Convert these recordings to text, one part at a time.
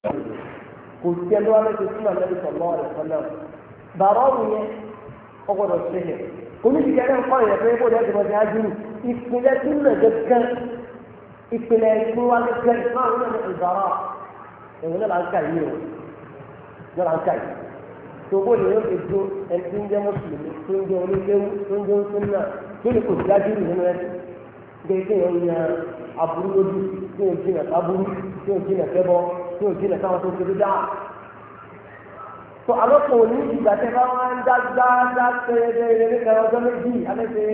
kò sí ẹni wá lẹ́sẹ̀ sí màmá ẹ̀sọ̀ lọ́wọ́ rẹ̀ fún náà bàbá ọ̀hún yẹn ó gbọ́dọ̀ ṣe yẹn oníṣìṣẹ́ náà ń kọ́ ìyẹn pé kó lẹ́sẹ̀ mọ́ sí ájúlù ìpínlẹ̀ túnlẹ̀ gẹ́gẹ́ ìpínlẹ̀ ìpín wá gẹ́gẹ́ ìpínlẹ̀ náà ní ìbára ẹ̀wọ̀n náà là ń kà yìí o náà là ń kà yìí tòbó ni yóò fi dún ẹni ń jẹ́ mùsùlùmí tó lójú tí yóò jìnà sábúrú tí yóò jìnà sẹ́bọ̀ tí ò jìnà káwọn tó ṣe dáa tó alọ́pọ̀ ní ìgbà tẹ bá wọn ń dáadáa dáadáa nípa ọjọ́ méjì alẹ́sẹ̀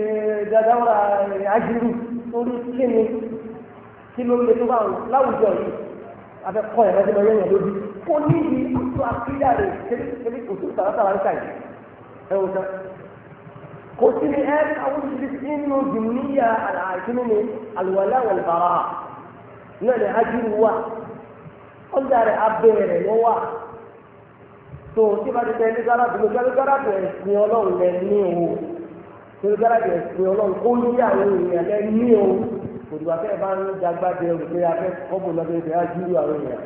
dáadáa wà ágírù eh, torí kíni kí ló lè tó bá wọn láwùjọ yìí afẹ́kọ́ ẹ̀rọ tí wọ́n yẹn lójú kò ní ibi tó àkíyà rẹ̀ kébí kò sí tààtàrà ń kàyè ẹ wò tán kò sí ní ẹ káwọn ti fi nínú jùmíyà àìsínú ni àlùwalẹ́ àwọn ìbára náà ni ágírù wà ọjà rẹ̀ abẹ́ rẹ̀ ló wà tó tí bá ti tẹ ní gáràjì ló gbẹ́rẹ́ gáràjì ẹ̀sìn ọlọ́run lẹ ní o gbẹ́rẹ́ gáràjì ẹ̀sìn ọlọ́run kó yí àwọn èèyàn lẹ ní o òdìbà fẹ́ bá ń jagbáde ẹrù pé afẹ́ kọ́bù lọ́dọ̀ ìfẹ́ ajílù àwọn èèyàn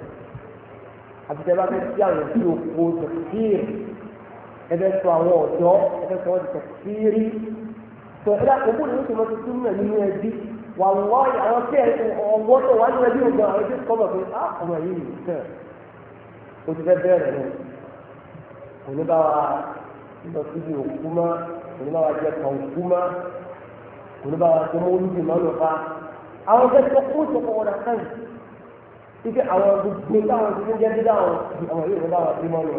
àti tẹ bá fẹ́ sí àwọn tí o kó tẹ̀síìrì ẹbẹ̀ sọ àwọn ọ̀dọ́ ẹbẹ̀ sọ wọ́n ti tẹ̀síìrì tó ẹ̀dá òkú ni ó ti wàlúwà àwọn tí ọwọ́ tó wà ní ẹbí ògbà àwọn tí kọ́mọ̀ pé á ah, ọmọ yìí nì sẹ́ẹ̀ o ti fẹ́ bẹ̀rẹ̀ nù kò ní bá wa lọ síbi òkú mọ́ kò ní bá wa jẹ kàn òkú mọ́ kò ní bá wa jẹ mọ́ olùdí mọ́ lọ fa àwọn tẹ tó kó sọkọ wọn náà sẹ́yìn ike àwọn gbogbo táwọn ti ń jẹ́ dídá àwọn àwọn yìí wọn bá wa sí mọ́ lọ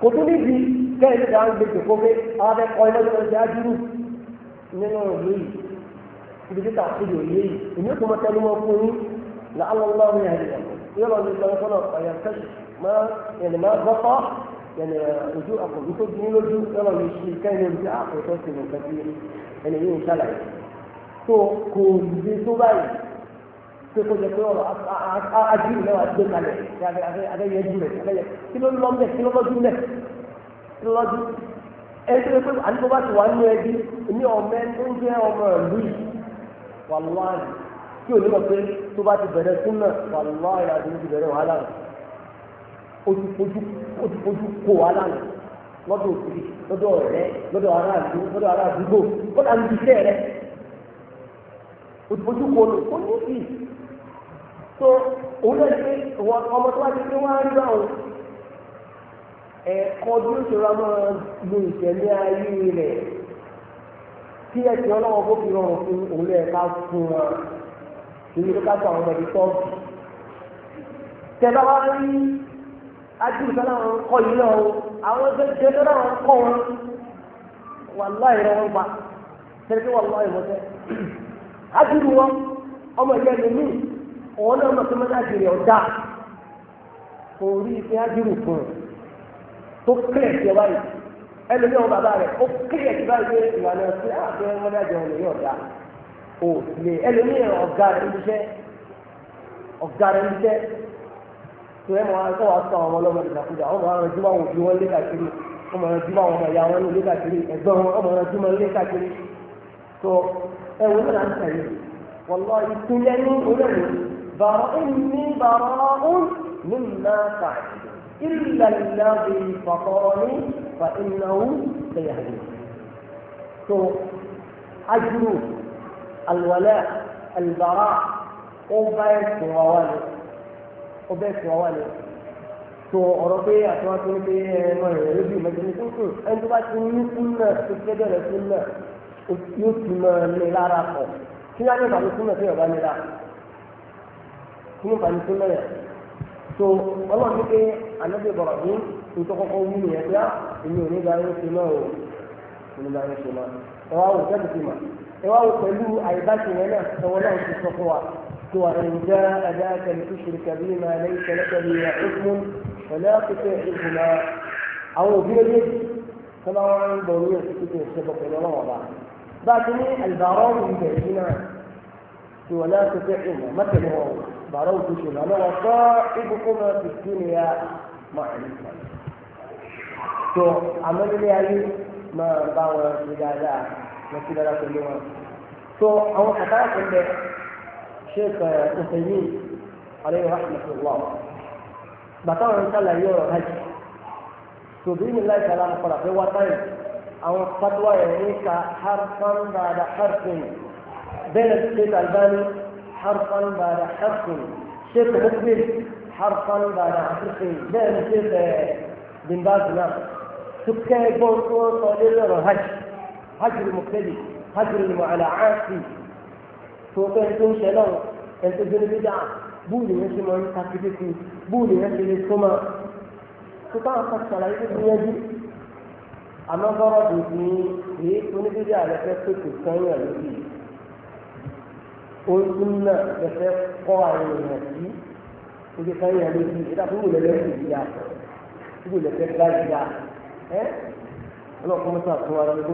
kò tún níbi kẹ́hìn tí wọ́n gbé ibi títà ìdí òye yìí èmi kò mọ tẹnu mọ fún yín là á lọ́wọ́ lọ́wọ́ yẹn àdìyàn yóò lọ nípa ẹ̀fọ́ náà ọ̀yà kẹ́sì má yẹn má gbọ́fọ́ yẹn ojú àkọ́bí tó dín lójú yóò lọ lọ́wọ́ sí kẹ́yìn lórí àkọ́tọ́ sí ní nǹkan bíi ẹni yóò ṣàlàyé tó kò ní tó báyìí pé kó jẹ pé ọ̀rọ̀ ajínigbé náà gbé kalẹ̀ abẹ́yẹjú rẹ̀ kí ló lọ́ mẹ́ kí ló lọ́jú mẹ́ kí ló lọ́jú ẹ wàláì tí ò ní mọ̀ pé tó bá ti bẹ̀rẹ̀ súnmọ̀ wàláì àti ní ti bẹ̀rẹ̀ wàhálà rẹ̀ ó ti fojú kó wàhálà rẹ̀ lọ́dọ̀ òkiri lọ́dọ̀ ọ̀rẹ́ lọ́dọ̀ aráàlú lọ́dọ̀ aráàdúgbò kódà ní iṣẹ́ rẹ̀ ó ti fojú kó lò ó ní ìsì tó òun náà ṣe ọmọ tó wá ti pé wọ́n á rí báwọn ẹ̀kọ́ bí ó ṣe ra máa lo ìṣẹ̀lẹ̀ ayé rẹ̀ tí ẹ̀sìn ọlọ́wọ́ bó fi rọrùn fún òun lẹ́ẹ̀ ká fún wọn èyí ló ká sọ àwọn ọmọdé tọ́ọ̀bù. tẹ̀lé wa rí ajínigbé sọ́nà àwọn kọ́ yìí náà o àwọn ẹgbẹ́ sọ́nà àwọn kọ́ wọn wà láì rẹ wọn gbà ajínigbé wọn ọmọ ìyá ẹni mí òun náà tó ọ̀dà kò rí ife ajínigbé fún un ẹlòmí àwọn bàbá rẹ̀ ó kéèyàn ti báyìí pé ìlànà sí àbẹ wọn dájọ ọ̀nà yóò dá ò lè ẹlòmí ọ̀gá rẹ̀ ń ṣiṣẹ́ ọ̀gá rẹ̀ ń ṣiṣẹ́ tó ẹ̀ máa tó wàá sọ àwọn ọlọ́mọ ìdàkúdà àwọn máa rán jùmọ̀ àwọn òbí wọn lé káàkiri wọn máa rán àwọn ọmọ ìyá wọn lé káàkiri ẹ̀gbọ́n wọn wọn máa rán lé káàkiri tó ẹ wo náà ń tẹ̀lé wọlọ́ ìpínlẹ̀ ní فإنه سيهديه تو أجر الولاء البراء أوبيت ووالد أوبيت ووالد tó ọ̀rọ̀ pé àtúwọ́n tó ń pe ẹ̀rọ rẹ̀ lójú ìmọ̀jọ ní tuntun ẹni tó bá ti ní súnà tó fẹ́ bẹ̀rẹ̀ súnà yóò ti mọ ní lára pọ̀ kí wọ́n á ní ìbàdí súnà tó yọ̀bá nira kí ní ìbàdí súnà yẹn tó ọlọ́run ní pé ànábì bọ̀rọ̀ ní nítorí kọ́kọ́ wú nìyẹn pé èmi ò ní bá yóò ṣe náà o ò ní bá yóò ṣe náà ẹ wá wò sẹ́kù sí ma ẹ wá wò pẹ̀lú àyíbáṣe yẹn náà ẹ̀wọ̀n náà ti sọ fún wa tó wà ní ìjà ẹ̀dá kẹlẹ̀ tó ṣe kẹbí máa lé ìṣẹ̀lẹ̀ kẹbí rẹ̀ ẹ̀kún pẹ̀lú àkókò ìgbìmọ̀ máa òbí méjèèjì sábà wọn ń bọ̀ ní òkú tó ṣe bọ̀ pẹ̀lú ọlọ́wọ́ bá bá a ti ní àlùbárọ́ ìgbẹ̀ yìí náà tí wọ́n náà tó fẹ́ ìmọ̀ mẹ́tẹ̀lẹ́ wọn bàrọ́ òkú ṣe lọ́wọ́ sọ ibùkún náà ti won naa to fe imo metele won baro oku se lowo tó àmọ́ nílé ayé máa bá wọn ṣe dáadáa lọ sí dáadáa pẹ̀lú wọn. tó àwọn kàtàkà kan bẹ ṣe é kàn ọ̀sẹ̀yìn àlẹ́yìn rahmatulah bàtà wọn ṣàlàyé ọ̀rọ̀ hajj tòbí ní láì sàlá àkọlà pé wá táyì àwọn fatwa yẹn ń ka harfan bàdà harfin bẹ́ẹ̀ ṣe kàlbáni harfan bàdà harfin ṣe kàlbáni harfan bàdà harfin bẹ́ẹ̀ ṣe kàlbáni. بن باز تبكي يقول طول طويل هجر هجر المبتدئ هجر المعلعات توقع تون شلون انت جل بدعة بولي يمشي ما يتاكدتي بولي يمشي للسماء تطاقة الصلاة يجي àmọ́ bọ́rọ̀ dùn ní èyí oníbíbí àlẹ́fẹ́ tó kù sẹ́yìn àlóbì oṣùn náà lẹ́fẹ́ kọ́ àwọn èèyàn sí ojú sẹ́yìn àlóbì ìdá fún wò lẹ́lẹ́ sí ìyá fún wò lẹ́fẹ́ gbá ìyá ẹ́ ọlọ́pàá mẹ́ta tó wà lóko